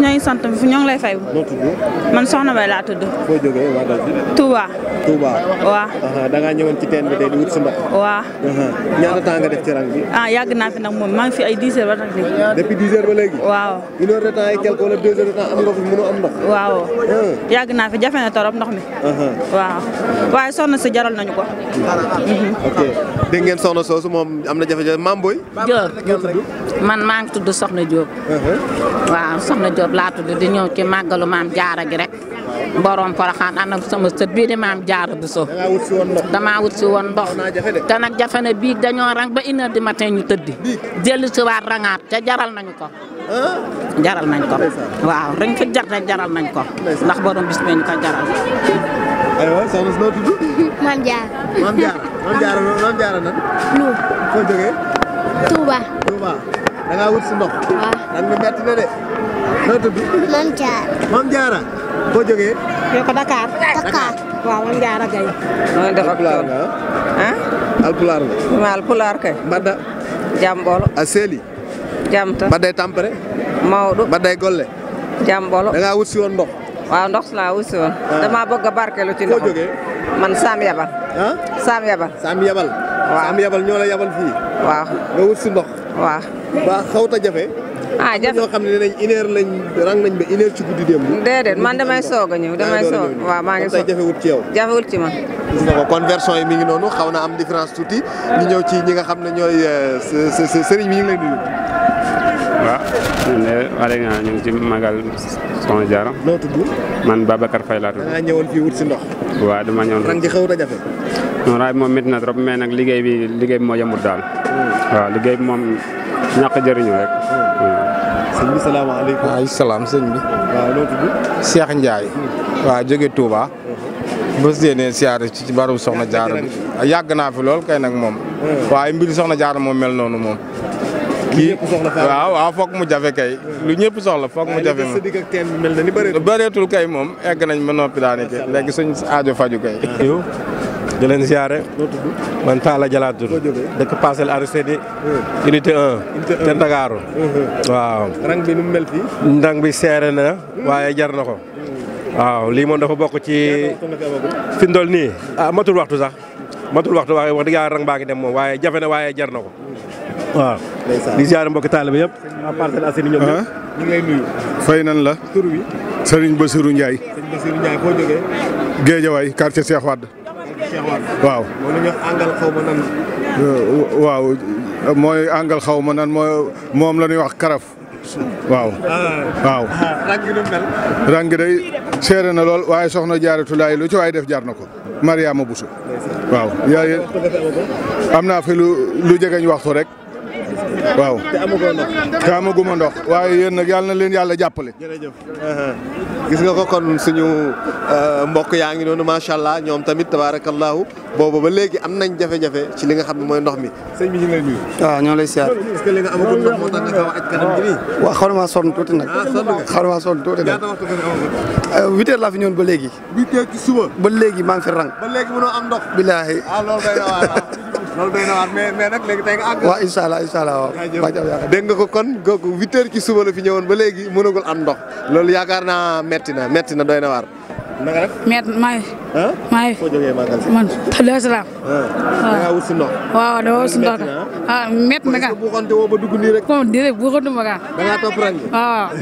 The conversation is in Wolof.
ñoo ngi sant ñoo ngi lay fay. noo tudd. man Soxna May laa tudd. foo jógee waa dal Touba. da ngaa ñëwoon ci teen bi tey di wut sa ndox. waaw. ñaata temps nga def ci rang bi. ah yàgg naa fi nag moom maa ngi fi ay 10 heures ba léegi. depuis 10 de temps et quelque wala deux heures de temps am nga fi mënoo naa fi jafe na torop ndox mi. waaw waaye soxna si jaral nañu ko. Mhm. ok dégg ngeen soxna soosu moom am na jafe-jafe maam booy. Diop man maa ngi tudd Soxna Diop. waaw Soxna Diop. Diop laa tudd di ñëw ci màggalu maam jaara gi rek borom Porokhane ana sama sët bii di maam jaara bu so damaa wut si woon ndox te nag jafe na bii dañoo rang ba une heure du ñu tëddi dellu si waat rangaat te jaral nañu ko ah. jaral nañ ko waaw ring fi jar rek jaral nañ ko ndax borom bis ko jaral aywa soxna si da ngaa wut si ndox. waaw ah. lan nga métti na de. noo tudd. Mame Diarra. Mame Diarra. boo jógee. yow ko Dakar. Dakar waaw Mame Diarra Gaye. maa def ak tool ah. alpulaar nga. ma alpulaar kay. Mbada. Jambolo. a Maodo. Mbaday Golle. Jambolo. da ngaa wut si woon ndox. waaw ndox laa wut si woon. Ah. dama bëgg a barkeelu ci ndox. foo man Sam Yabal. ah Sam Yabal. waaw Yabal ñoo la yabal fii. waaw nga wut si waaw. ba xawut a jafe. ah jafe ñoo xam ne dinañ une heure lañ rang nañ ba une heure ci guddi démb. déedéet man damay soog a ñëw damay ah, soog waaw maa ngi soog jafewut ci yow. jafewut ci ma gis kon version yi mi ngi noonu xaw na am différence tuuti ñu ñëw ci ñi nga xam ne ñooy sëriñ bi ñu ngi lay nuyu. waaw ñun de ñu ngi ci magal Soxna Diarra. noo tudd. man Babacar Faye laa tudd. da ngaa si ndox. waaw dama ñëwoon. rang ji a jafe. non raay moom métti na trop mais nag liggéey bi liggéey moo yemut daal waaw liggéey bi moom ñàkk jëriñu rek. sëñ bi salaamaaleykum. waaw salaam sëñ bi. waaw loo tudd. Cheikh Ndiaye. waaw jóge uh-huh. ci barabu soxna Jaara bi yàgg naa filool kay nag moom. Uh-huh. waaye mbir soxna jaar moom mel noonu moom. kii waaw waaw mu jafe kay. lu ñëpp soxla foog mu jafe moom waaye bareetul kay moom egg nañ ma noppi daanaka léegi suñ aajo faju kay. di leen ziare. man Talla Jalla tur. dëkk Parcelles Assainies unité 1. unité uh-huh. waaw. rang bi mu mel fii. rang bi seere na hmm. waaye jar na ko. Hmm. waaw lii moom dafa bokk ci. fi nii ah matul waxtu sax. matul waxtu waaye wax dëgg rang baa dem moom waaye jafe na waaye jar na ko. Hmm. waaw. di ziare mbokk taalibe yëpp. waa Parcelles fay nan la. tur wi. Serigne Bassirou Ndiaye. Serigne Bassirou waaw. Euh, waaw mooy àngal xaw nan moom la ñuy wax karaf. waaw. Ah. waaw. Ah, rang seere na lool waaye soxna jaaratulaay lu ci waay def jaar na ko. Mariama Bousso waaw. yaa am naa fi lu lu jegeñ waxtu rek. waaw te amagoo ndox. ndox waaye yéen nag yàlla na leen yàlla jàppale. jërëjëf. Uh-huh. gis nga ko kon suñu uh, mbokk yaa ngi noonu macha allah ñoom tamit tabaarakallaahu boobu ba léegi am nañ jafe-jafe ci li nga xam ne mooy ndox mi. sëñ bi lay nuyu. waaw ñoo lay siyaar. est-ce que a aj tuuti nag. ah euh, laa fi ñëwoon ba léegi. ba léegi maa fi rang. ba loolu doy na waat mais mais nag léegi tey nga àgg. waaw incha allah incha allah dégg nga ko kon googu huit heures ci suba la fi ñëwoon ba léegi mënagul am dox loolu yaakaar naa metti na metti na doy na waar. naka met maa ngi. ah maa ngi foo jógee màggal si man. Daaru Salaam. waaw da ngaa wut si ndox. waaw da ngaa wut si ndox ah met na nga. bu woo ba dugg nii rek. comme ma kaa. da ngaa topp